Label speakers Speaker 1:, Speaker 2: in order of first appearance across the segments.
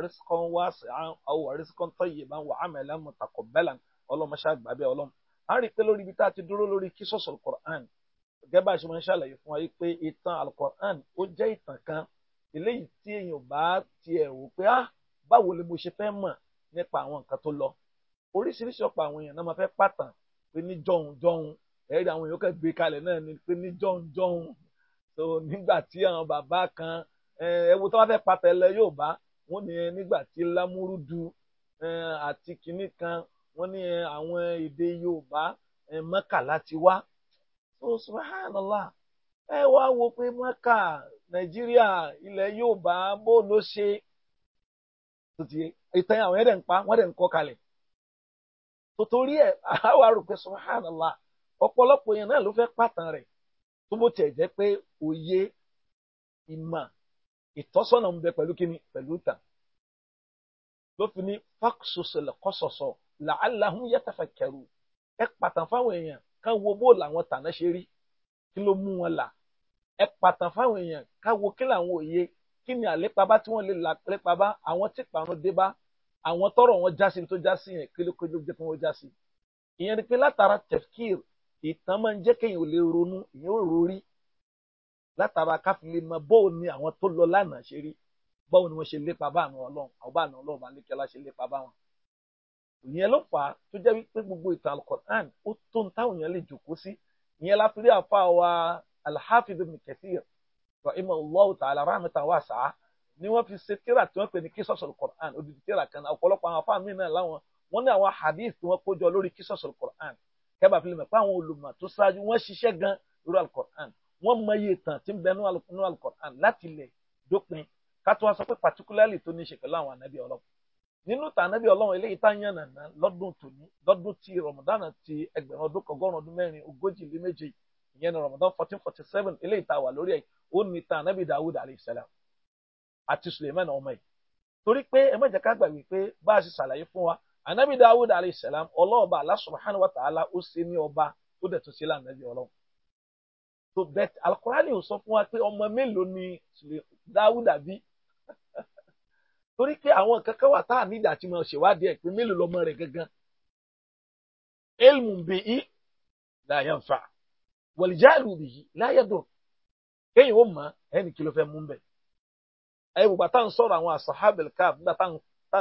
Speaker 1: رزقا واسعا أو رزقا طيبا وعملا متقبلا ọlọ́mọ ṣàgbà bẹ́ẹ̀ ọlọ́mọ a rí i pé lórí ibi tá a ti dúró lórí kí sọ̀sọ̀ alukur'an gẹ́gẹ́ bá a ṣe máa ń ṣàlàyé fún wa yìí pé ìtàn alukur'an ó jẹ́ ìtàn kan eléyìí tí èèyàn bá tiẹ̀ wò pé ah báwo ni mo ṣe fẹ́ mọ̀ nípa àwọn nǹkan tó lọ oríṣiríṣi ọ̀pọ̀ àwọn èèyàn náà máa fẹ́ pàtàn pé ní jọ̀hún jọ̀hún ẹ̀rí àwọn èèyàn kan gbé kalẹ̀ náà ni pé ní jọ̀hún jọ̀hún so nígbà tí àwọn bàbá kan ẹ tó bá fẹ́ pàtàn ẹ wọ́n ní nígbà tí lámúrúdu àti kinní kan wọ́n ní àwọn èdè yorùbá mọ́kà láti wá so subhanallah ẹ wá wo pé mọ́kà nàìjíríà ilẹ̀ yorùbá bó ló ṣe ìtàn àwọn ẹ̀dẹ̀ ń pa wọ́n dẹ̀ ń kọ́ kalẹ̀ tòtòrí ẹ̀ àwa rò pé subhanallah ọ̀pọ̀lọpọ̀ yẹn náà ló fẹ́ pàtàn rẹ̀ tó bó tiẹ̀ jẹ́ pé òye ìmọ̀ ìtọ́sọ́nà ń bẹ pẹ̀lú kíni pẹ̀lú ìtàn ló fi ní fáksọsọlẹ kọsọsọ làálàhùn yẹtàfàkẹrù ẹ pàtàn fáwọn èèyàn ká wo bó làwọn tàná ṣe rí kí ló mú wọn là ẹ pàtàn fáwọn èèyàn ká wo kí làwọn òye kí ni àlépa bá tí wọn lè là lépa bá àwọn tí parun dé bá àwọn tọrọ wọn já tó já yẹn kí ló kí ló jẹ kí wọn já ìyẹn ni pé látara tefkir ìtàn máa ń jẹ́ kéèyàn ò lè ronú ìyẹn ò rórí látara káfílẹ̀ mọ bóun ni àwọn tó lọ lánàá ṣe rí báwo ni wọ́n ṣe lépa báànú ọlọ́run àwọn báànú ọlọ́run bá lékẹ́ láṣẹ lépa báwọn. ìyẹn ló fà á tó jẹ́ wípé gbogbo ìtàn alukoran ó tó ń táwọn èèyàn lè jòkó sí ìyẹn láfírí àfa wa alhafidh ibn kathir rahimahullahu ta'ala rahmatan wasi'a ni wọ́n fi ṣe tíra tí wọ́n pè ní kíṣọ́ọ̀ṣì alukoran odidi tíra kan ọ̀pọ̀lọpọ̀ àwọn afá mi náà láwọn wọ́n ní àwọn hadith tí wọ́n kójọ lórí kíṣọ́ọ̀ṣì alukoran kẹ́bà fi lè àwọn olùmọ̀ tó ṣáájú wọ́n ṣiṣẹ́ gan lórí alukoran wọ́n mọ ìtàn tí ń bẹ nínú alukoran láti lè dópin kátó wá sọ pé particularly tó ní ṣe pẹ̀lú àwọn ànábì ọlọ́run nínú tà ànábì ọlọ́run eléyìí tá yàn nàná lọ́dún tòní lọ́dún tí ramadan ti ẹgbẹ̀rún ọdún kọgọ́rùn ọdún mẹ́rin ogójì lé méje ìyẹn ní ramadan fourteen forty seven eléyìí tá wà lórí ẹ̀ ó ní tà ànábì dawud alayhisalaam àti suleiman ọmọ ẹ̀ torí pé ẹ má jẹ́ ká gbàgbé pé bá a ṣe ṣàlàyé fún wa ànábì dawud alayhisalaam ọlọ́ọ̀ba Allah subhanahu ta'ala ó ṣe ní ọba ó dẹ̀ tún ṣe lánàbì ọlọ́run so bet alukurani ò sọ fún wa pé ọmọ mélòó ni dawud àbí torí pé àwọn kankan wà tá à nídìí àti máa ṣèwádìí ẹ̀ pé mélòó lọmọ rẹ̀ gangan elmu bìí la yanfa wàlìjáàlù bìí la yadurr kéyìn ó mọ ẹni kí ló fẹ́ mú bẹ̀ ẹ wò bàtà ń sọ̀rọ̀ àwọn asahabil káf nígbà tá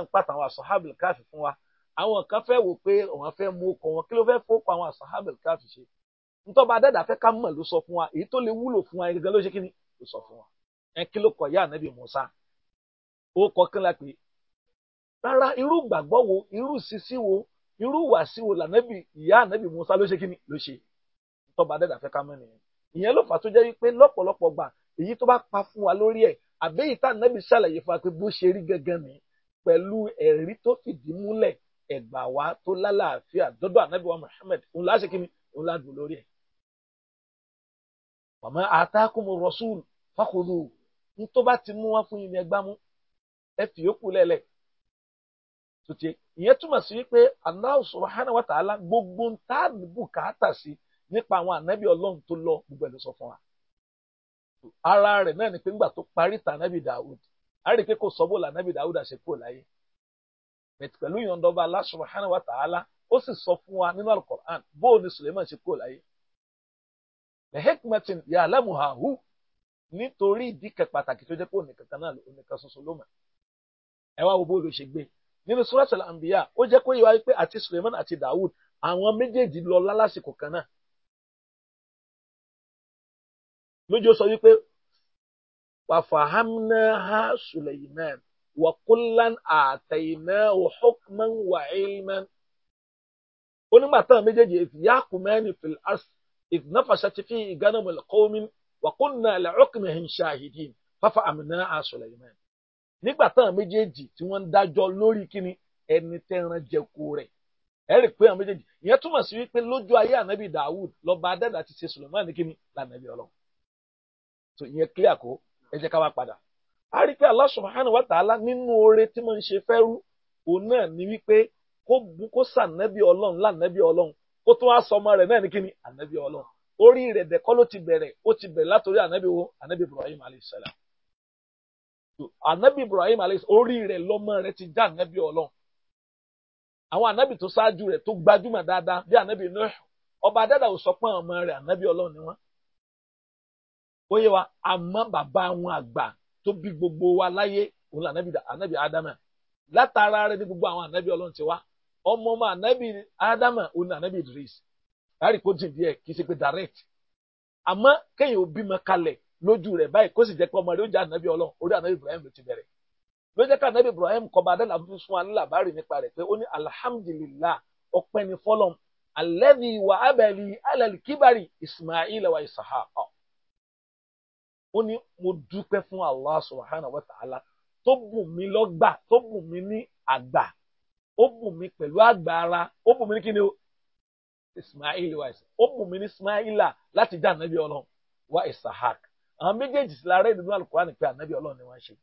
Speaker 1: ń pàtà àwọn asahabil káf fún wa àwọn kan fẹ́ wò pé àwọn fẹ́ mú ọkọ̀ wọn kí ló fẹ́ fọ́pọ̀ àwọn asahabil káf ṣe ntọ́ba adẹ́dà fẹ́ ká mọ̀ ló sọ fún wa èyí tó lè wúlò fún wa ẹ̀gẹ́ ló ṣe kí ni ló sọ fún wa ẹ kí kọ̀ yá ànábì Musa ó kọ̀ọ̀kan la pè é rárá irú gbàgbọ́ wo irú sisi wo irú wàsí wo lànàbì ìyá ànàbì Musa ló ṣe kí ni ló ṣe tọ́ba dẹ́dà fẹ́ ká mọ́ nìyẹn ìyẹn ló fà tó jẹ́ wípé lọ́pọ̀lọpọ̀ gbà èyí tó bá pa fún wa lórí ẹ̀ àbẹ́yìí tá ànàbì ṣàlàyé fún wa pé bó ṣe rí gangan nìyẹn pẹ̀lú ẹ̀rí tó fìdí múlẹ̀ ẹ̀gbà wa tó lálàáfíà dọ́dọ̀ ànábì wa Muhammad òun láṣẹ kí ni òun láàdùn lórí ẹ̀. wa ma atakumu rasul fakhudhu tó bá ti mú wá fún yín ni ẹ ẹ fi yòókù lẹ́lẹ̀ tuntun ìyẹn túmọ̀ sí wípé Allah gbogbo ń tá bùkátà sí nípa àwọn ànábì ọlọ́run tó lọ gbogbo ẹ̀ ló sọ ara rẹ̀ náà ni pé ńgbà tó parí ìtàn ànábì Dawud a pé kò sọ bó lànábì Dawud àṣẹ kúrò láyé pẹ̀lú ìyọ̀ndọ́ba Allah subhanahu ó sì sọ fún wa nínú bó ni Suleiman ṣe kúrò láyé nítorí ìdí pàtàkì tó jẹ́ pé òní ẹ wá wo bó ló ṣe gbé nínú suratul anbiya ó jẹ́ kó yé wa pé àti suleiman àti dawud àwọn méjèèjì lọ lálásìkò kan náà lójú sọ wípé wàfàhámnà ha suleiman wàkúlán àtẹ̀yìnà hukman wa ilman onígbà táwọn méjèèjì ìfìyàkùmẹ́ni fìlás ìdínàfàṣàtì fi ìgánamọ̀lẹ́kọ́min wàkúnnà lẹ́ọ̀kùnmẹ́hìn ṣáhìdín fáfà àmìnà a suleiman nígbà táwọn méjèèjì tí wọ́n ń dájọ́ lórí kíni ẹni tẹ́ran jẹko rẹ̀ ẹ rí i pé àwọn méjèèjì ìyẹn túmọ̀ sí wípé lójú ayé ànábì Dawud lọ́ba adẹ́dà ti ṣe Suleiman ní kíni lànàbì ọlọ́run tó ìyẹn clear kó ẹ jẹ́ ká wá padà a rí pé Allah subhanahu wa ta'ala nínú oore tí mo ń ṣe fẹ́rú òun náà ni wípé kó bu kó sànàbì ọlọ́run lànàbì ọlọ́run kó tún wá sọmọ rẹ̀ náà ní kíni ànàbì ọlọ́run orí rẹ̀ dẹ̀kọ́ ló ti bẹ̀rẹ̀ ó ti bẹ̀rẹ̀ látòrí ànàbì wo ànàbì Ibrahim alayhi salam anabi ibrahim alex orí rẹ̀ lọ́mọ ti já anabi ọlọ́run àwọn anabi tó ṣáájú rẹ tó gbajúmọ̀ dáadáa bí anabi nuh ọba dada ò sọ pé ọmọ rẹ anabi ọlọ́run ni wọn ó yẹ wa àmọ́ bàbá wọn àgbà tó bí gbogbo wa láyé òun là anabi adama látara rẹ̀ ní gbogbo àwọn anabi ọlọrun ti wá ọmọ ọmọ anabi adama òun anabi idris láàrin kó jìn kì í ṣe pé direct kéèyàn ò bímọ lójú rẹ̀ báyìí kó sì jẹ́ pé ọmọ rẹ̀ ó jẹ́ ànábì ọlọ́run orí ànábì Ibrahim ló ti bẹ̀rẹ̀ ló jẹ́ ká ànábì Ibrahim kọba adẹ́là fún fún wa nílàbárì nípa rẹ̀ pé ó ní alhamdulillah ọpẹ́ ni fọlọ́m alladhi wa abali alali kibari Ismail wa Ishaqa ó ní mo dúpẹ́ fún Allah subhanahu wa ta'ala tó bùn mí lọ́gbà tó bùn mí ní àgbà ó bùn mí pẹ̀lú àgbà ó bùn mí ní kíni o Ismail wa Ishaqa ó bùn mí ní Ismaila láti jẹ́ ànábì ọlọ́run wa Ishaq àwọn méjèèjì sí lára ìdúró alukurani pé ànábì ọlọ́run ni wọ́n ṣe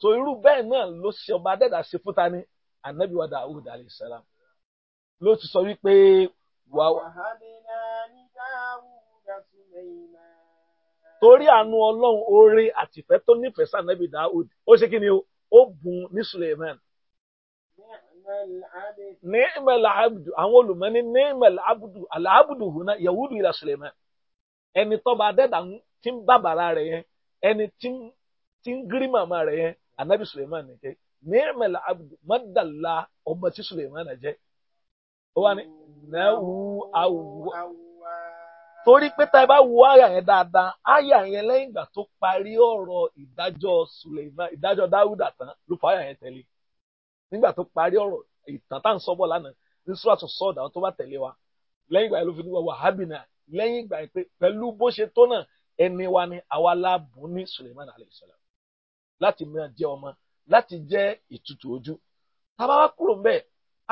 Speaker 1: so irú bẹ́ẹ̀ náà ló ṣe ọba adẹ́dà ṣe fúta ní ànábì wa Dawud alayhi salam ló ti sọ wípé wà á. torí àánú ọlọ́run oore àtìfẹ́ tó nífẹ̀ẹ́ sí ànábì Dawud ó ṣe kí ni ó bùn ní Suleiman ni'ma al àwọn olùmọ́ni ni'ma al-abdu al-abdu huna yahudu ila ẹni tọ́ba adẹ́dà tí ń bàbàrà rẹ̀ yẹn ẹni tí ń gírí màmá rẹ̀ yẹn anabi suleiman nìkẹ́ ni'mal abdu madalla ọmọ tí suleiman jẹ́ ó wà ní nàáwù àwùwà torí pé tá a bá wo àyà yẹn dáadáa àyà yẹn lẹ́yìn ìgbà tó parí ọ̀rọ̀ ìdájọ́ suleiman ìdájọ́ dáwúdà tán ló fọ àyà yẹn tẹ̀lé nígbà tó parí ọ̀rọ̀ ìtàn tá à ń sọ bọ̀ lánàá ní sùràtù sọ́ọ̀dà tó bá tẹ̀lé wa lẹ́yìn ìgbà yẹn ló fi ní wàhábìnà lẹ́yìn ìgbà yẹn pé pẹ̀lú bó ṣe tó náà ẹni wa ni àwa láàbù ní Suleiman alayhi salam láti mìíràn jẹ́ ọmọ láti jẹ́ ìtutù ojú tábà wá kúrò ń bẹ̀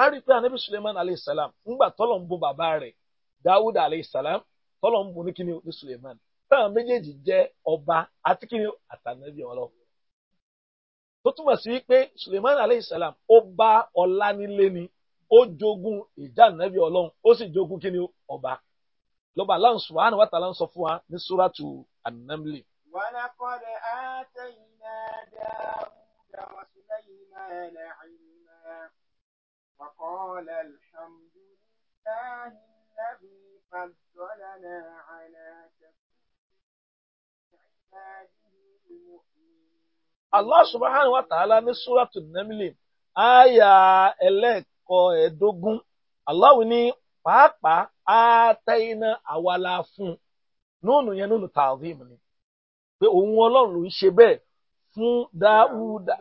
Speaker 1: á rí i pé anabi Suleiman alayhi salam ńgbà tọ́lọ̀ ń bò bàbá rẹ̀ Dawud alayhi salam tọ́lọ̀ ń bò ní kíni ní Suleiman táwọn méjèèjì jẹ́ ọba àti kíni àtànàbí ọlọ́run tó túmọ̀ sí pé Suleiman alayhi salam ó bá ọlá nílé ni ó jogún ìjà ànábì ọlọ́run ó sì jogún kíni ọba lọ́ba Allah subhanahu wa ta'ala ń sọ fún wa ní suratu an-namli.
Speaker 2: wa laqad atayna Dawuda wa Sulaymana ilma wa qala alhamdulillahi alladhi faddalana ala
Speaker 1: Allah subhanahu wa ta'ala ní suratu an-namli àyà ẹlẹ́ẹ̀kọ́ Allah ní pàápàá àtẹ̀yìnà àwa la fún nùnù yẹn nùnù tààzìm ni pé òun ọlọ́run ló ń ṣe bẹ́ẹ̀ fún dáúdà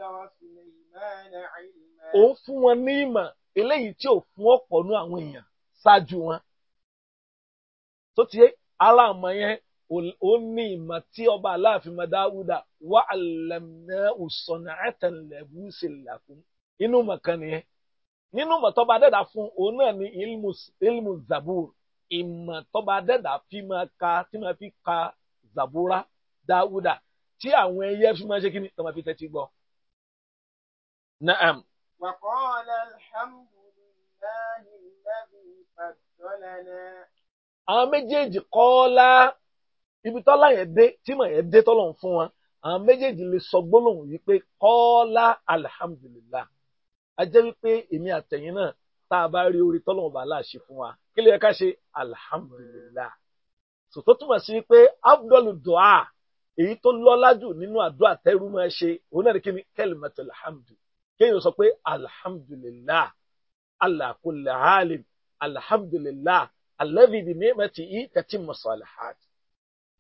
Speaker 1: òun fún wọn ní ìmọ̀ eléyìí tí ò fún ọ̀pọ̀ nú àwọn èèyàn ṣáájú wọn tó ti aláàmọ yẹn ó ní ìmọ̀ tí ọba aláàfin mọ dáúdà wà lẹ́mìnà òsànà àtẹnulẹ̀bù ṣe làkún inú mọ̀kan nìyẹn nínú mọ̀tọ́ba dẹ́dà fún òun náà ní ilmu zabur ìmọ̀ tọ́ba dẹ́dà fi máa ka tí máa fi ka zabura dáwúdà tí àwọn ẹyẹ fi máa ṣe kí ni tọ́ba fi tẹ́tí gbọ́. Na'am. Wa Àwọn méjèèjì kọ́ọ́lá ibi tọ́lá yẹn dé tí mọ̀ yẹn dé tọ́lọ̀ fún wọn àwọn méjèèjì lè sọ gbólóhùn yìí pé kọ́ọ́lá alhamdulillah a jẹ́ wípé èmi àtẹ̀yìn náà tá a bá rí orí tọ́lọ̀ bàálà ṣe fún wa kí ló yẹ ká ṣe alhamdulillah sòtó túmọ̀ sí pé abdul dua èyí tó lọ́lá jù nínú àdúrà tẹ́rù máa ṣe òun náà ni kí ni kẹlìmọ̀tò alhamdu kéèyàn sọ pé alhamdulillah ala kulli halim alhamdulillah alladhi bi ni'matihi tatimmu salihat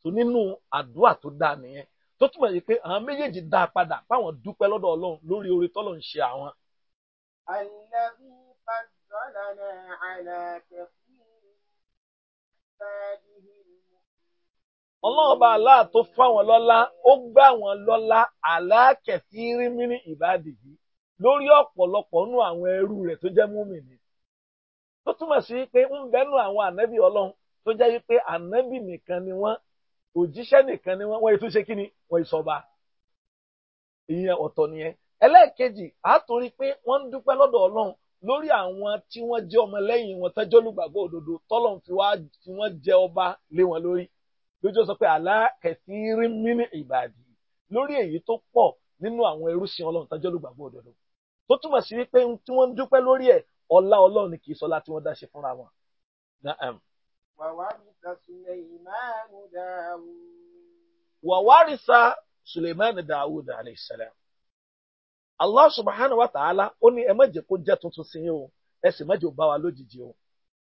Speaker 1: tó nínú àdúrà tó dáa nìyẹn tó túmọ̀ sí pé àwọn méjèèjì dá padà fáwọn dúpẹ́ lọ́dọ̀ ọlọ́run lórí oore tọ́lọ̀ ń ṣe àwọn.
Speaker 2: alladhi faddalana ala kẹfì. ọlọ́run bá aláà tó
Speaker 1: fáwọn lọ́lá ó gbà wọ́n lọ́lá àlákẹ̀sí rímínì ìbàdìyí lórí ọ̀pọ̀lọpọ̀ nù àwọn ẹrú rẹ̀ tó jẹ́ múmìnì. tó túmọ̀ sí pé ń bẹ́nu àwọn ànábì ọlọ́run tó jẹ́ wípé ànábì nìkan ni wọ́n òjíṣẹ́ nìkan ni wọ́n wọ́n ètò ṣe kíni wọ́n ìsọba. ìyẹn ọ̀tọ̀ nìyẹn. ẹlẹ́ẹ̀kejì á torí pé wọ́n ń dúpẹ́ lọ́dọ̀ ọlọ́run lórí àwọn tí wọ́n jẹ́ ọmọlẹ́yìn wọn tẹ́jọ́ lùgbàgbọ́ òdodo tọ́lọ́run fi wá tí wọ́n jẹ ọba lé wọn lórí lójú sọ pé àlá kẹsí rí mímí ìbàdí lórí èyí tó pọ̀ nínú àwọn ẹrúsìn ọlọ́run tán jẹ́lúgbàgbọ́ òdodo tó túmọ̀ sí wípé tí wọ́n ń dúpẹ́ lórí ẹ̀ ọlá ọlọ́run ni kì í sọlá tí wọ́n dá ṣe fúnra wọn. wàwárìsà suleiman dawud aleyhisselam allah subhanahu wa ta'ala ó ní ẹ má jẹ́ kó jẹ́ tuntun sí yín o ẹ sì má jẹ́ bá wa lójijì o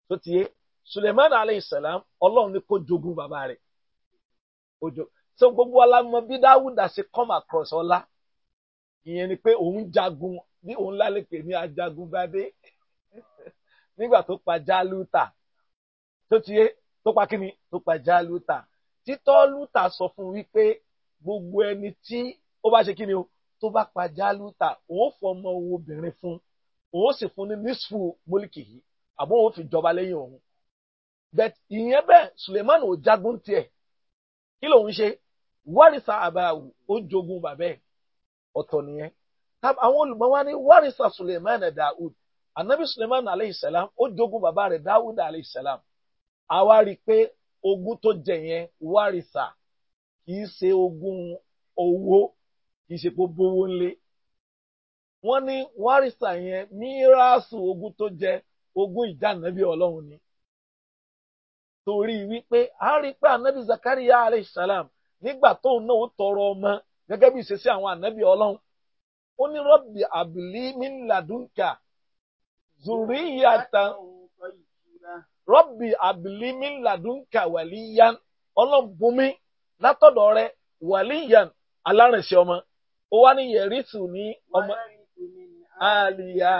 Speaker 1: tó ti yé suleiman aleyhisselam ọlọ́run ni kó jogún bàbá rẹ̀ Ojo, so gbogbo alámọ bí dáwùdà ṣe come across ọlá ìyẹn ni pé òun jagun bí òun lálẹ́ ní ajagun bàdé nígbà tó pa jálúta tó ti yé tó pa kíni tó pa jálúta títọ́ lúta sọ fún wípé gbogbo ẹni tí ó bá ṣe kíni o tó bá pa jálúta òun fọmọ obìnrin fún òun sì fún ní nísfù mólíkì yìí àbó òun fi jọba lẹ́yìn òun bẹ́ẹ̀ ìyẹn bẹ́ẹ̀ Suleiman ò jagun tiẹ̀ kí lòun ṣe wárìsà àbáwò ó jogun bàbá ẹ̀ ọ̀tọ̀ nìyẹn àwọn olùmọ̀wá ní wárìsà Suleiman Daoud anabi Suleiman aleyhisselam ó jogun bàbá rẹ̀ Daoud aleyhisselam àwa rí i pé ogún tó jẹ yẹn wárìsà kì í ṣe ogún owó kì í ṣe pé bówó ńlé wọ́n ní wárìsà yẹn mííràsù ogún tó jẹ ogún ìjà nàbí Ọlọ́run ni torí wípé a rí pé anabi Zakariya alayhi salam nígbà tó ń náwó tọrọ ọmọ gẹ́gẹ́ bí ìṣesí àwọn anabi Ọlọ́run ó ní rọbì abili min ladunka zuriyatan rọbì abili min ladunka waliyan ọlọ́bùnmi látọ̀dọ̀ rẹ waliyan alárìnṣẹ́ ọmọ ó wá ní yẹ̀rìtù ní ọmọ àlìyá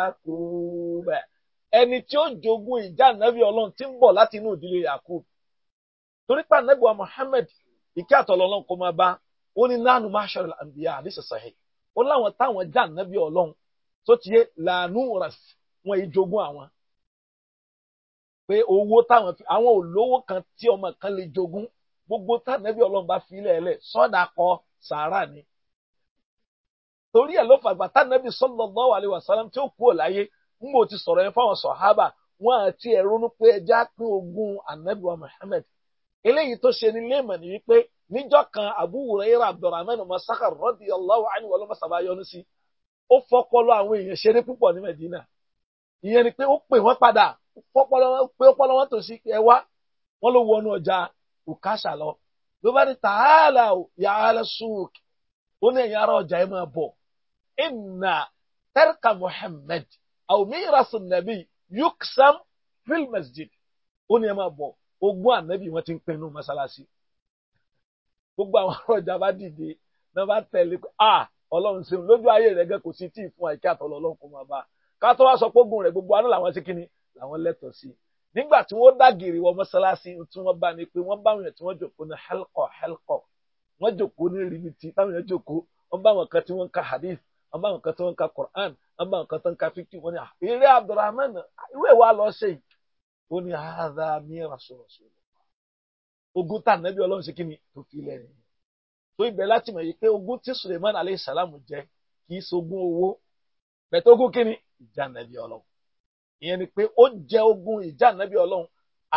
Speaker 1: ẹni tí ó jogún ìjà ànábì ọlọ́run tí ń bọ̀ láti inú ìdílé Yakub torí pé ànábì wa ìkẹ́ àtọ̀lọ́lọ́run kò máa bá ó ní nánú máṣọ àbíyá àdìsẹ̀ ó láwọn táwọn já ànábì ọlọ́run tó ti yé làánú wọn yìí jogún àwọn owó táwọn fi olówó kan tí ọmọ kan lè jogún gbogbo ọlọ́run bá kọ sàárà ni torí ẹ̀ ló fàgbà n kò ti sọ̀rọ̀ yẹn fáwọn sọ̀hábà wọn àti ẹ̀rọ ní pé ẹja pín ogún anabi wa muhammed eléyìí tó ṣe ní léèmọ̀ ni wípé níjọ́ kan abu hurayra abdulrahman masakar radiyallahu anhu wàlúmọ̀ sàbáyọ́nù sí ó fọ́pọ́lọ́ àwọn èèyàn ṣeré púpọ̀ ní medina ìyẹn ni pé ó pè wọ́n padà pé ó pọ́lọ́ wọn tó sí ẹ wá wọ́n ló wọnú ọjà òkàṣà lọ ló bá ní tààlà yàrá sùúk ó ní ẹ̀yìn ọjà ẹ máa bọ̀ ìnà tẹ́ríkà muhammed aw miras nabi yuksam fil masjid ó ní ẹ máa bọ̀ ogún ànábì wọn ti ń pinnu mọ́sálásí gbogbo àwọn ọ̀rọ̀jà bá dìde náà bá tẹ̀lé pé a ọlọ́run ṣeun lójú ayé rẹ̀ gẹ́gẹ́ kò sí tí ì fún àìkí àtọ̀lọ́ ọlọ́run kò máa bá ká tó wá sọ pé ogun rẹ̀ gbogbo àná làwọn ṣe kíni làwọn lẹ́tọ̀ọ́ sí nígbà tí wọ́n dàgìrì wọ mọ́sálásí tí wọ́n bá ní pé wọ́n bá wọn tí wọ́n jòkó ní halqa halqa wọ́n jòkó ní rìbìtì táwọn yẹn jòkó wọ́n bá wọn kan tí wọ́n ka hadith wọn bá nǹkan tó ń ka Quran wọn bá nǹkan tó ń ka fíkì wọn ni ah, eré Abdulrahman ìwé wa lọ ṣe yìí ó ní àádá mìíràn sọ̀rọ̀ sọ̀rọ̀ ogun tá nàbí Ọlọ́run ṣe kí ni tó fi lẹ́yìn tó ibẹ̀ láti mọ̀ yìí pé ogun tí Suleiman alayhi salam jẹ kì í ṣogun owó bẹ̀tẹ̀ ogun kí ni ìjà nàbí Ọlọ́run ìyẹn ni pé ó jẹ ogun ìjà nàbí Ọlọ́run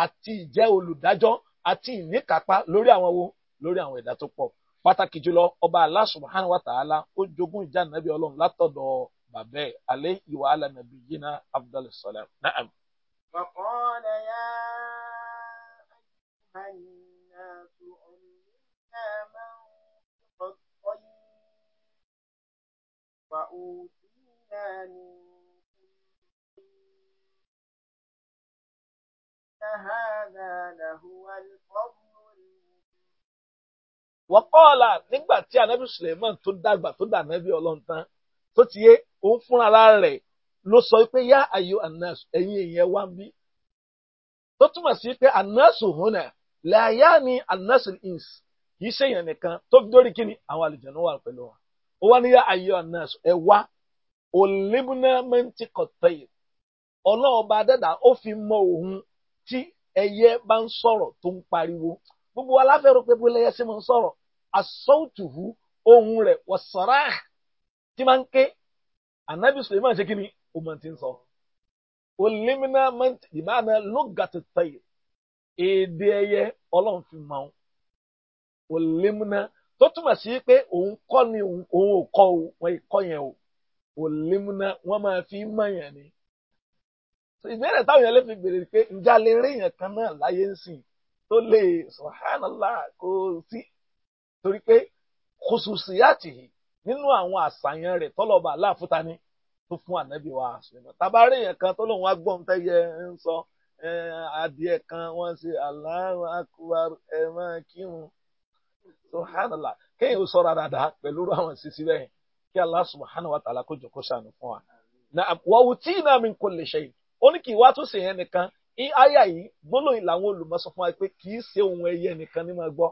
Speaker 1: àti ìjẹ́ olùdájọ́ àti ìníkàpá lórí àwọn wo lórí àwọn ẹ̀dá tó pọ̀ pàtàkì jùlọ ọba Allah subhanahu wa ta'ala ó jogún ìjà nàbí ọlọ́run látọ̀dọ̀ bàbẹ́ alẹ́ ìwà alànàbí yìnyínà afdal salam na'am.
Speaker 2: وقال يا أيها الناس علمنا منطق الطير وأوتينا من كل هذا لهو الفضل
Speaker 1: wọ́kọ́ọ̀là nígbà tí anabi suleiman tó dàgbà tó dà anabi ọlọ́ntàn tó ti yé òun fúnra rẹ̀ ló sọ pé yá ayò anasu ẹ̀yin èèyàn wá ń bí. tó túmọ̀ sí pé anasu hona làyà ni anasu ins kì í ṣe èèyàn nìkan tó fi dórí kí ni àwọn àlùjànnú wà pẹ̀lú wọn. ó wá ní yá ayò anasu ẹ wá olébùnà mẹ́ntì kọ̀tẹ́yì ọlọ́ọ̀ba dẹ́dà ó fi mọ òun tí ẹyẹ bá ń sọ̀rọ̀ tó ń pariwo gbogbo wa rò pé bóyá ẹyẹ sì máa ń sọ̀rọ̀ asọ́ọ̀tùhù ohun rẹ̀ wọ̀sọ̀rá tí máa ń ké anabi suleiman ṣe kí ni o máa ti ń sọ. olimina mẹ́ntì ma lógàtì tẹ̀yì èdè ẹyẹ ọlọ́run fi máa tó túmọ̀ sí pé òun kọ́ ni òun ò kọ́ o wọ́n kọ́ yẹn o olimina wọ́n máa fi ni. torí pé kòsùsìyàtì yìí nínú àwọn àṣàyàn rẹ̀ tọ́lọ́ba aláàfúta ni tó fún ànábì wa àṣùwọ̀n tabarí yẹn kan tó lóun wá gbọ́n tẹ́yẹ ń sọ adìẹ kan wọ́n ṣe aláwọ̀ akúbarú ẹ̀ máa kírun subhanallah kéèyàn ó sọ̀rọ̀ dáadáa pẹ̀lú àwọn ìṣesí bẹ́ẹ̀ kí Allah subhanahu wa ta'ala kó jọ kó ṣàánú fún wa. wa utina min kulli shay ó ní kí ìwà tó ṣe yẹn nìkan ní yìí gbólóyìn làwọn olùmọ̀ sọ fún wa pé kì í ṣe ohun ẹyẹ nìkan ní máa gbọ́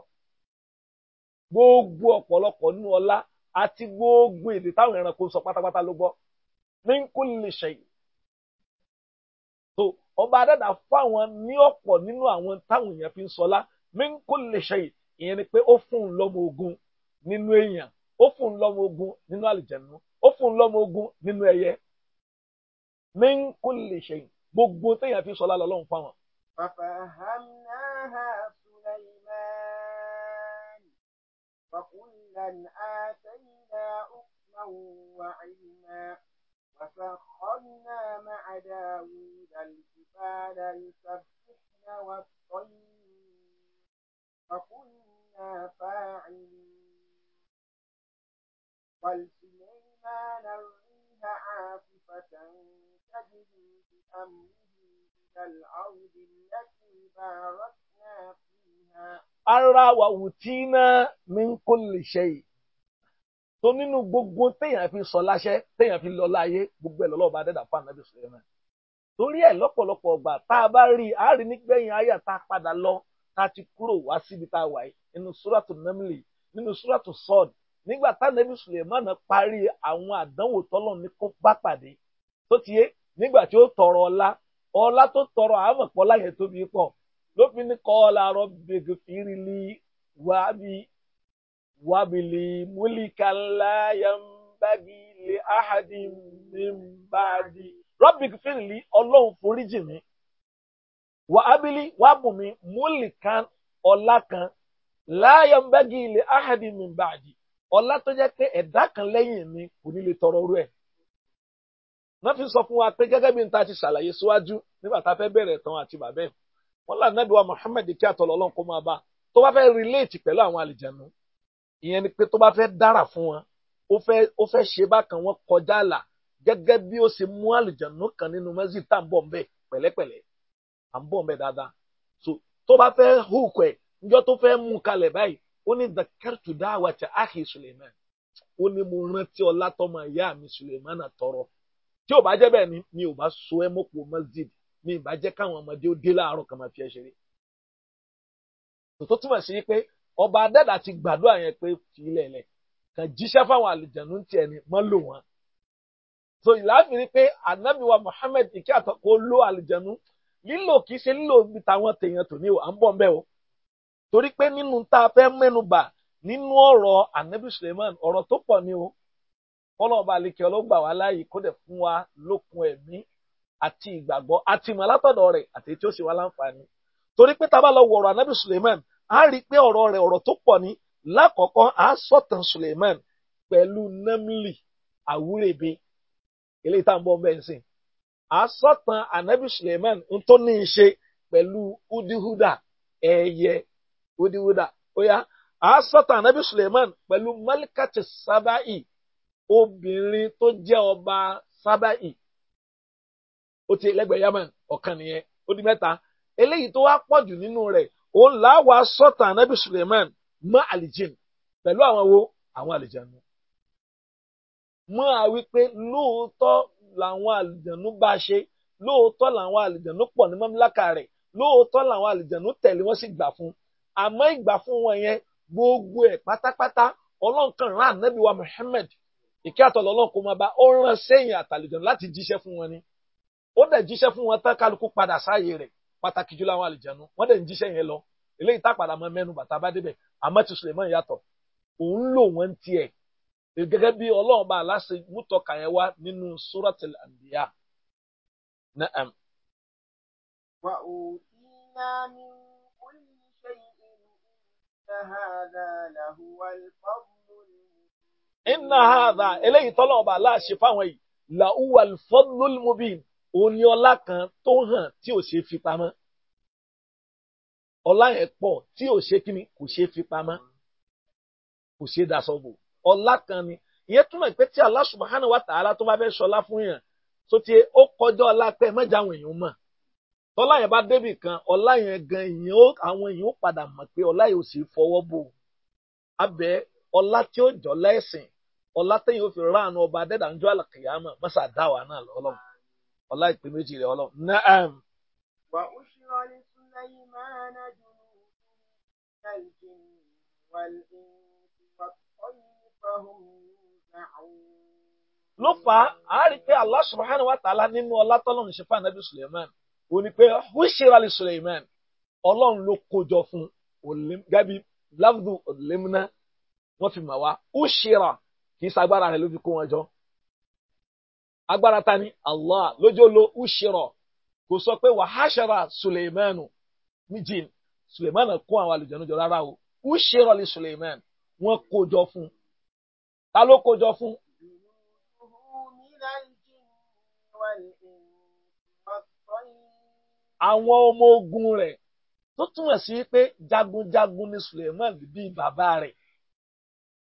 Speaker 1: gbogbo ọ̀pọ̀lọpọ̀ nínú ọlá àti gbogbo èdè táwọn ẹranko sọ pátápátá ló gbọ́ min kulli shay. so ọba adada fáwọn ní ọ̀pọ̀ nínú àwọn táwọn èèyàn fi ń sọlá min kulli shay ìyẹn ni pé ó fún un lọ́mọ ogun nínú èèyàn ó fún un lọ́mọ ogun nínú àlìjẹ̀nu ó fún un lọ́mọ ogun nínú ẹyẹ min kulli shay gbogbo téèyàn fi sọlá lọ́lọ́run fáwọn.
Speaker 2: bàbá hamnaha كلا آتينا حكما وعلما وسخرنا مع داود الجبال يسبحن والطير وكنا فاعلين ولسليمان الريح عاصفة تجري بأمره إلى الأرض التي باركنا
Speaker 1: فيها ara wà wù tí náà mi ń kó lè ṣe yìí tó nínú gbogbo téèyàn fi sọ láṣẹ téèyàn fi lọ láàyè gbogbo ẹ lọlọ́ọ̀bá dẹ́dà fún ànábì Sulaiman torí ẹ lọ́pọ̀lọpọ̀ ọgbà tá a bá rí i a rí nígbẹ̀yìn àyà tá a padà lọ tá a ti kúrò wá síbi tá a wà yìí nínú súràtù Namli nínú súràtù Sọ́d nígbà tá ànábì Sulaiman parí àwọn àdánwò tọ́lọ̀ ní kó bá pàdé tó ti yé nígbà tí ó tọrọ ọlá ọlá tó tọrọ àmọ̀pọ̀ láyẹ̀ tóbi pọ̀ ló fi ní kọ́ọ́lá rọ́bì gífìrìlì wàbí wàbìlì múlíkàlá yambagi lè áhàdì mímbàdì. rọ́bì gífìrìlì ọlọ́run foríjì mi wàbìlì wàbùnmi ọlá kan láyàmbági ilẹ̀ ahadi mìbàdì ọlá tó jẹ́ pé ẹ̀dá kan lẹ́yìn mi kò ní lè tọrọ orú ẹ̀. wọ́n fi sọ wọ́n là nàbí wa Muhammad kí àtọ̀lọ́ kó máa bá tó bá fẹ́ relate pẹ̀lú àwọn àlìjẹ̀nu ìyẹn ni pé tó bá fẹ́ dára fún wọn ó fẹ́ ó fẹ́ ṣe bákan wọn kọjá àlà gẹ́gẹ́ bí ó ṣe mú àlìjẹ̀nu kan nínú mẹ́sìlì tá à ń bọ̀ ńbẹ̀ pẹ̀lẹ́pẹ̀lẹ́ à ń bọ̀ ńbẹ̀ dáadáa so tó bá fẹ́ hook ẹ̀ njọ́ tó fẹ́ mú kalẹ̀ báyìí ó ní zakartu da'wata akhi Suleiman ó ní mo rántí ọlá ìyá mi Suleiman tọrọ tí ò bá jẹ́ bẹ́ẹ̀ ni mi ò bá so ẹ́ mọ́pọ̀ mẹ́sìlì mi ìbá jẹ́ káwọn ọmọdé ó dé láàárọ̀ kan máa fi ẹ ṣeré. tó túmọ̀ sí pé ọba adẹ́dà ti gbàdúrà yẹn pé filẹ̀ lẹ̀ kàn jíṣẹ́ fáwọn àlùjànnú ń tiẹ̀ mọ́ lò wọ́n. so ìlàáfin ni pé anabiwa Muhammad ike àtọkọ ló àlùjànnú lílò kìí ṣe lílò bí táwọn tèèyàn tò ní o à ń bọ̀ ń bẹ̀ o. torí pé nínú tá a fẹ́ mẹ́nubà nínú ọ̀rọ̀ anabi Suleiman ọ̀rọ̀ tó pọ̀ ni o. kọ́lọ́ọ̀bà àlekẹ́ ọlọ́gbà wa láàyè kó dẹ̀ fún wa lókun ẹ̀mí àti ìgbàgbọ́ àti ìmọ̀ látọ̀dọ̀ rẹ̀ àti tí ó ṣe wá láǹfààní. torí pé tá a bá lọ wo ọ̀rọ̀ anábì Suleiman a rí i pé ọ̀rọ̀ rẹ̀ ọ̀rọ̀ tó pọ̀ ni lákọ̀ọ́kọ́ a sọ̀tàn Suleiman pẹ̀lú namli àwúrèbe eléyìí tá à ń bọ̀ bẹ́ẹ̀ sìn a sọ̀tàn anábì Suleiman ń tó ní í ṣe pẹ̀lú udihuda ẹ̀yẹ udihuda ó yá a sọ̀tàn anábì Suleiman pẹ̀lú malikati sábàì obìnrin tó jẹ́ ọba sábàì ó ti lẹ́gbẹ̀ẹ́ yamẹ ọ̀kan nìyẹn ó di mẹ́ta eléyìí tó wá pọ̀ jù nínú rẹ̀ òun là wà sọ́tà anabi suleiman mọ́ àlìjìn pẹ̀lú àwọn wo àwọn àlìjànú mọ́ a wípé lóòótọ́ làwọn àlìjànú bá a ṣe lóòótọ́ làwọn àlìjànú pọ̀ ní mọ́míláka rẹ̀ lóòótọ́ làwọn àlìjànú tẹ̀lé wọ́n sì gbà fún àmọ́ ìgbà fún wọn yẹn gbogbo ẹ̀ pátápátá ọlọ́run rán ànábì wa muhammed ìkẹ́ àtọ̀lọ́ ọlọ́run kò máa bá ó rán sẹ́yìn àtàlìjànú láti jíṣẹ́ fún wọn ni. ó dẹ̀ jíṣẹ́ fún wọn tán kálukú padà sáàyè rẹ̀ pàtàkì jùlọ àwọn àlìjẹnu wọ́n dẹ̀ ń jíṣẹ́ yẹn lọ eléyìí tá padà mọ mẹ́nu bàtà bá débẹ̀ àmọ́ ti Suleiman yàtọ̀ òun lò wọ́n tiẹ̀ gẹ́gẹ́ bí ọlọ́run bá aláṣẹ wá nínú Suratul Anbiya. eléyìí fáwọn yìí o ni ọlá kan tó hàn tí ò ṣe fi pamọ́ ọlá yẹn pọ̀ tí ò ṣe kí ni kò ṣe fi pamọ́ kò ṣe dasọ̀bò ọlá kan ni ìyẹn túmọ̀ pé tí tó bá fẹ́ sọlá fún yàn tó ti ó kọjá ọlá pẹ́ mẹ́jà àwọn èèyàn mọ̀ tọ́lá yẹn bá débì kan ọlá yẹn gan èèyàn ó àwọn èèyàn ó padà mọ̀ pé ọlá yẹn ò sì fọwọ́ bò abẹ́ ọlá tí ó jọ lẹ́sìn ọlá tẹ́yìn ó fi ráàánú ọba mọ́sàdáwà náà ọlá ìpè méjì rẹ̀ ọlọ́run naam.
Speaker 2: wà ó ṣírọ ní súnlẹ́yìn máa ná jù ní ìjìnlẹ̀
Speaker 1: ló fà á a rí pé Allah subhanahu wa ta'ala nínú ọlá tọ́lọ́run ní ṣẹ́fà nàbí Suleiman ó ní pé hushira li Suleiman ọlọ́run ló kójọ fún gẹ́bí lafdu olemna wọ́n fi mà wá hushira kì í sagbára rẹ̀ ló fi kó wọn jọ agbára ta ni allah lójó lo ushira kò sọ pé wàhásàrà suleimanu ní jin suleimanu kó àwọn àlùjànnú rárá o ushira li suleiman wọ́n kó jọ fún ta ló kó jọ fún. àwọn ọmọ ogun rẹ̀ tó túmọ̀ sí pé jagunjagun ni suleiman bíi bàbá rẹ̀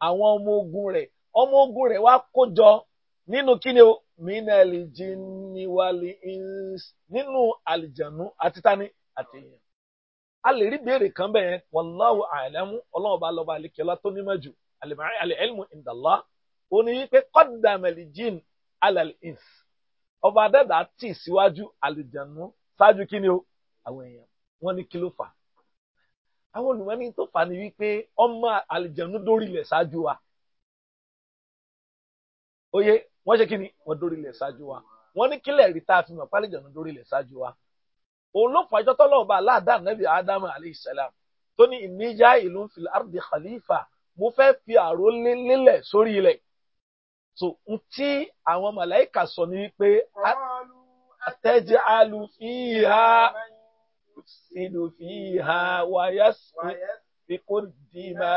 Speaker 1: àwọn ọmọ ogun rẹ̀ ọmọ ogun rẹ̀ wá kó jọ nínú kíni o mínàlì jìnnìwálì ins nínú àlìjànú àti tani àti èèyàn. a lè rí béèrè kan bẹ́ẹ̀ yẹn wallahu a'lamu ọlọ́run bá lọ́ba àlekèlá tó nímọ̀ jù al-ilmu indala ó ní pé qaddamali jinn alal ins ọba adẹ́dàá tì síwájú àlìjànú ṣáájú kí ni o àwọn èèyàn wọ́n ní kí ló àwọn olùmọ́ni tó fà ní wípé ọmọ àlìjẹ̀nu dórí ilẹ̀ ṣáájú wa. Oye wọ́n ṣe kí ni wọ́n dórí ilẹ̀ ṣáájú wa wọ́n ní kílẹ̀ rí tá a fi mọ̀ pálíjọ̀nù dórí ilẹ̀ ṣáájú wa òun ló fàájọ́ tọ́lọ́ọ̀bá aláàdáàmù nẹ́bí ádámù alayhi salam tó ní inni ja'ilun fil ardi khalifa mo fẹ́ fi àrólé lélẹ̀ sórí ilẹ̀ tó ń tí àwọn màláìkà sọ ní pé
Speaker 2: ataj'alu
Speaker 1: fiha yufsidu fiha wa yasfiku dima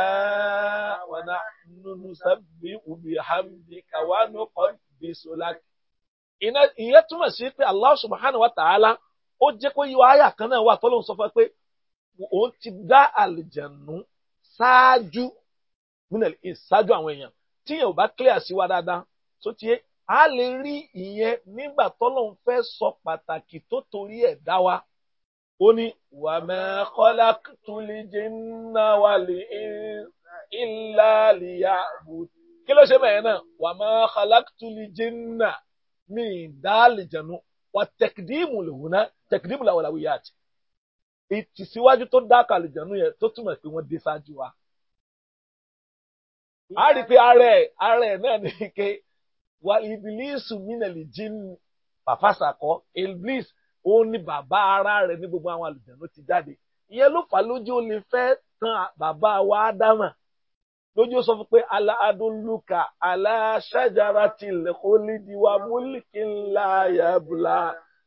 Speaker 1: wa nahnu nusabbihu bihamdika wa nuqaddisu solak ìyẹn túmọ̀ sí pé Allah subhanahu wa ta'ala ó jẹ́ kó yíwá àyà kan náà wà tọ́lọ́hún sọ fún ẹ pé òun ti dá àlìjànú ṣáájú ṣáájú àwọn èèyàn tíyẹn ò bá clear sí wa dáadáa tó tiẹ̀ a lè rí ìyẹn nígbà tọ́lọ́hún fẹ́ sọ pàtàkì tó torí ẹ̀ dá wa ó ní wa ma khalaqtul jinna wal insa illa liya'bud kí ló ṣe bẹ́ẹ̀ náà wà máa khalaqtuli jinna mi dáàlì jẹnu wà tẹkidimu lòun náà tẹkidimu làwọn làwọn yà jẹ ìtìsíwájú tó dáka àlìjẹnu yẹn tó túmọ̀ pé wọ́n dé ṣáájú wa.
Speaker 2: a rí i pé ara ẹ̀
Speaker 1: ara ẹ̀ náà ní ike wà ìbílísù mínàlì jinni pàfàṣàkọ́ iblis ó ní bàbá ara rẹ̀ ní gbogbo àwọn àlìjẹnu ti jáde ìyẹn ló fà lójú ó lè fẹ́ tàn bàbá wa ádámà lójú ó sọ fún pé aláàdúlùkà aláṣájára tilẹ̀ kó lídi wa múlìkì ńlá yàbùlà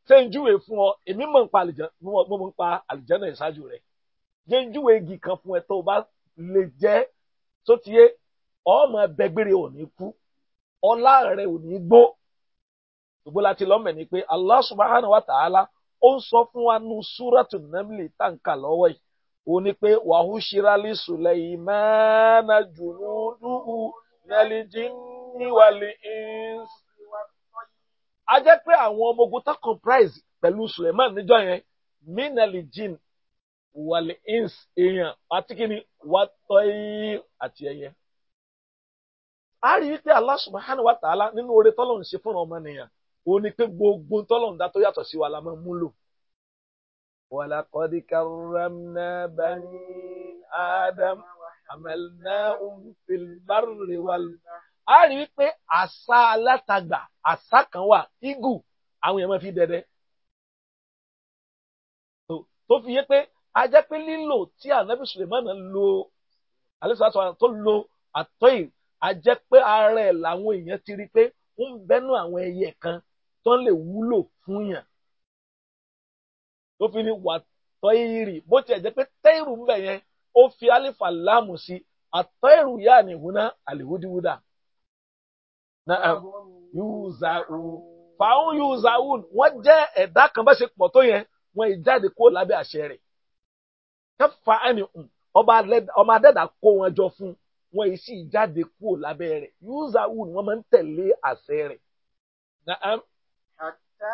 Speaker 1: ṣé ń júwèé fún ọ èmi mọ̀ ń pa àlìjẹ́ náà ìṣáájú rẹ̀ jẹ́ ń júwèé igi kan fún ẹ tó o bá lè jẹ́ tó ti yé ọmọ ẹgbẹ́gbẹ́rẹ́ ò ní kú ọlá rẹ̀ ò ní gbó gbogbo láti lọ́mọ̀ ni pé Allah subhanahu wa ta'ala ó ń sọ fún wa nu súrọ̀tù nàmìlì tá lọ́wọ́ yìí ó ní pé wàhú ṣírálì sùlẹ̀ìmánà jùlúdùú nẹ́lìjì níwàlì ins. a jẹ́ pé àwọn ọmọ ogun tó comprise pẹ̀lú suleiman níjọ́ yẹn mínàlì jin wàlì ins èèyàn àti kíni wàtọ́yì àti ẹyẹ. a rí i pé Allah subhanahu wa ta'ala nínú oore tọ́lọ̀ ń ṣe fún pé gbogbo tọ́lọ̀ ń dá tó yàtọ̀ sí wa ولقد كرمنا بني آدم حملناهم في البر وال a rí wípé àṣà alátagbà àṣà kan wà igu àwọn èèyàn máa fi dẹdẹ tó fi yé pé a jẹ́ pé lílò tí anabi suleiman lo alẹ́sọ̀tò tó lo àtọ́yì a jẹ́ pé ara ẹ̀ làwọn èèyàn ti rí pé ń bẹ́nu àwọn ẹyẹ kan tó ń lè wúlò fún yàn tó fi ní wà tọ́yìrì bó tiẹ̀ jẹ́ pé tẹ́yìrù ń bẹ̀ yẹn ó fi alifa láàmù sí àtọ́yìrù yá ni ìhùnà àlìhúdíwúdà. fàáhùn yúzàún wọ́n jẹ́ ẹ̀dá kan bá ṣe pọ̀ tó yẹn wọ́n ì jáde kó lábẹ́ àṣẹ rẹ̀. kẹfà ẹni ọmọ adẹ́dà kó wọn jọ fún wọn ì sì jáde kó lábẹ́ rẹ̀ yúzàún wọ́n máa ń tẹ̀lé àṣẹ rẹ̀.
Speaker 2: Hatta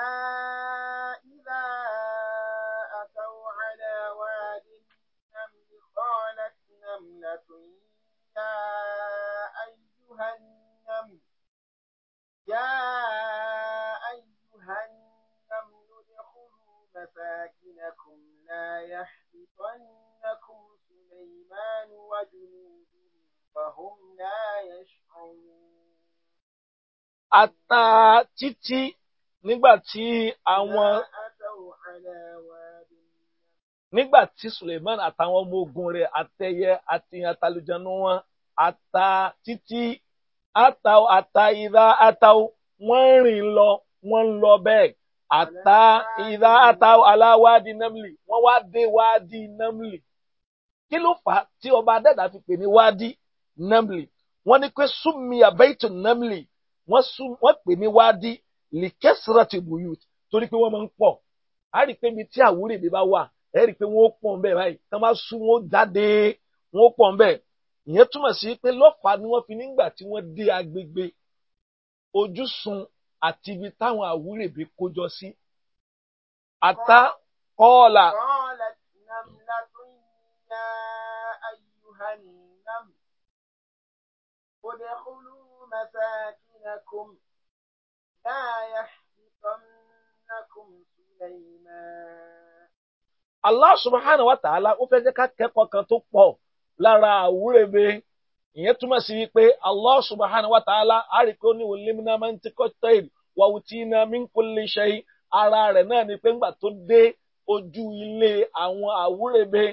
Speaker 1: ata títí nígbà tí àwọn nígbà tí Suleiman àtàwọn ọmọ ogun rẹ̀ àtẹyẹ àti àtàlùjẹnu wọn ata títí ata ata ìdá ata wọn rìn lọ wọn ń lọ bẹ́ẹ̀ ata ìdá ata aláwádìí namli wọn wá dé wádìí namli kí ló fà á tí ọba adẹ́dà fi pè ní wádìí namli wọn ní pé súnmi àbẹ́ìtù namli wọ́n pè mí wá dí likẹ́sìrọ̀tì buyut torí pé wọ́n máa ń pọ̀ á rí i pé mi tí àwúrè mi bá wà ẹ rí i pé wọ́n pọ̀ ń bẹ̀ báyìí tí wọ́n bá sún wọn jáde wọ́n pọ̀ ń bẹ̀ ìyẹn túmọ̀ sí pé lọ́fàá ni wọ́n fi nígbà tí wọ́n dé agbègbè ojúsun àti ibi táwọn àwúrè mi kójọ sí. àtà
Speaker 2: kọ́ọ̀là. ادخلوا مساكن يحزنكم لا يحزنكم سليمان
Speaker 1: Allah subhanahu wa ta'ala ó fẹ́ jẹ́ ká kẹ́kọ̀ọ́ kan tó pọ̀ lára àwúrẹ́bẹ ìyẹn túmọ̀ sí wípé Allah subhanahu wa ta'ala á rí pé máa ń ti kọ́tẹ́ẹ̀l wà ó iná mi ń kó lè ṣe ara rẹ̀ náà ni pé ńgbà tó dé ojú ilé àwọn àwúrẹ́bẹ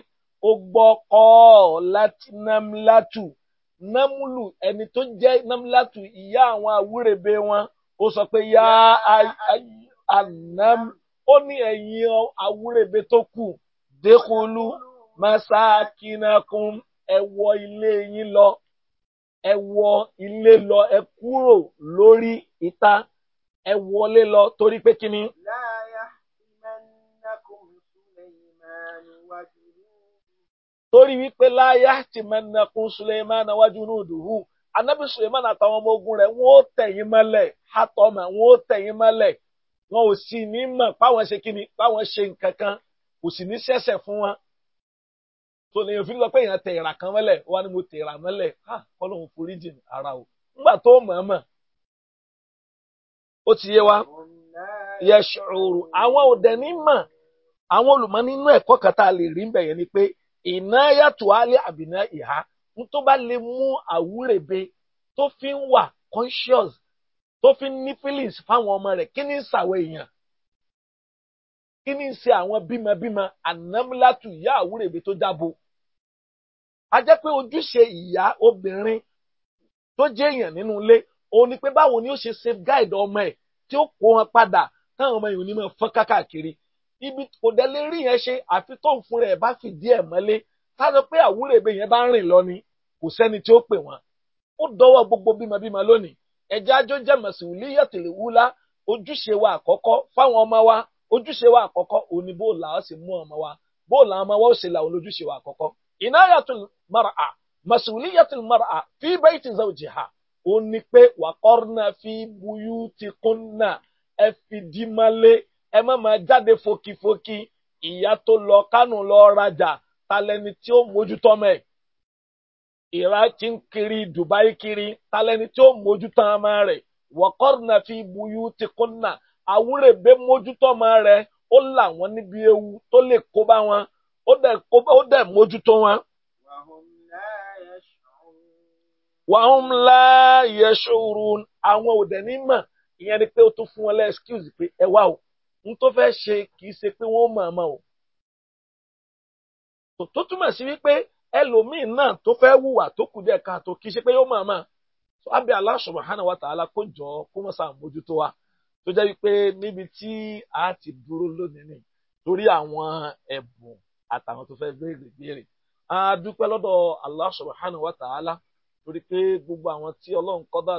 Speaker 1: ó gbọ́ kọ́ látinamlátù námúlù ẹni tó jẹ́ námúlàtù ìyá àwọn àwúrẹ́bẹ wọn ó sọ pé yá ànám ó ní ẹ̀yin àwúrẹ́bẹ tó kù dékúlú masakinakum ẹ wọ ilé yín lọ ẹ wọ ilé lọ ẹ kúrò lórí ìta ẹ lọ torí pé kíni. torí wípé láyà tí mẹ́nàkún suleiman wájú ní òdùhù anábì suleiman àtàwọn ọmọ ogun rẹ̀ wọ́n ó tẹ̀yìn mọ́lẹ̀ hatọ́mà wọ́n ó tẹ̀yìn mọ́lẹ̀ wọn ò sì ní mọ̀ páwọn ṣe kíni páwọn ṣe nǹkan kan kò sì ní ṣẹ̀ṣẹ̀ fún wọn. tó lè fi lọ pé èèyàn ìrà kan mọ́lẹ̀ wọn mo ìrà mọ́lẹ̀ ha kọ́lọ́hún forí jìn ara o nígbà tó mọ̀ọ́mọ̀ ó ti yé wa yẹ ṣòro àwọn ní a lè rí ń bẹ̀yẹn ni ìnáyàtò alẹ́ àbìná ìhá ń tó bá lè mú àwúrèbe tó fi ń wà conscious tó fi ń ní feelings fáwọn ọmọ rẹ̀ kí ni ń sàwọn èèyàn kí ni ń ṣe àwọn bímọbímọ ànámúlátù ìyá àwúrèbe tó jábo a jẹ́ pé ojúṣe ìyá obìnrin tó jẹ́ èèyàn nínú ilé òun ni pé báwo ni ó ṣe safeguard ọmọ ẹ̀ tí ó kó wọn padà táwọn ọmọ yìí ò ní máa fọ́n kákàkiri ibi kò délé rí yẹn ṣe àfi tóun fún rẹ̀ bá fìdí ẹ̀ mọ́lé ká sọ pé àwúrèbe yẹn bá ń rìn lọ ni kò sẹ́ni tí ó pè wọ́n ó dọwọ́ gbogbo bímọbímọ lónìí ẹ̀jẹ̀ ajó jẹ́ mọ̀sùlùmí yẹ̀tìlẹ̀ wúlá ojúṣe wa àkọ́kọ́ fáwọn ọmọ wa ojúṣe wa àkọ́kọ́ òní bó la ó sì mú ọmọ wa bó la ọmọ wa ó sì la òun lójúṣe wa àkọ́kọ́ inayatul mar'a masuliyatul mar'a fi bayti zawjiha ó ní pé waqarna fi buyutikunna ẹ fi dí malé ẹ má máa jáde fokifoki ìyá tó lọ kánò lọ rajà ta lẹni tí ó mójútó ọmọ ẹ̀ ti ń kiri Dubai kiri ta lẹni tí ó mójútó ọmọ rẹ̀ wọ́kọ́rùnà fi buyú ti kúnnà àwúrẹ̀bẹ mójútó ọmọ rẹ̀ ó là wọ́n níbi ewu tó lè kó bá wọn ó dẹ̀ mójútó wọn. wàhùn láàyè ṣòro àwọn ò ní mọ̀ ìyẹn ni pé ó tún fún wọn lẹ́ excuse pé ẹ wá o n tó fẹ́ ṣe kì í ṣe pé wọ́n mọ̀ ọmọ o. tó túmọ̀ sí wípé ẹlòmíín náà tó fẹ́ wùwà tó kù díẹ̀ káàtó kì í ṣe pé yóò mọ̀ ọmọ. abẹ́ Allah subhanahu wa ta'ala kó jọ kó mọ̀ sáà mójútó wa tó jẹ́ wípé níbi tí a ti dúró lónìí ni torí àwọn ẹ̀bùn àtàwọn tó fẹ́ béèrè béèrè. a dúpẹ́ lọ́dọ̀ Allah subhanahu wa ta'ala torí pé gbogbo àwọn tí ọlọ́run kọ́dà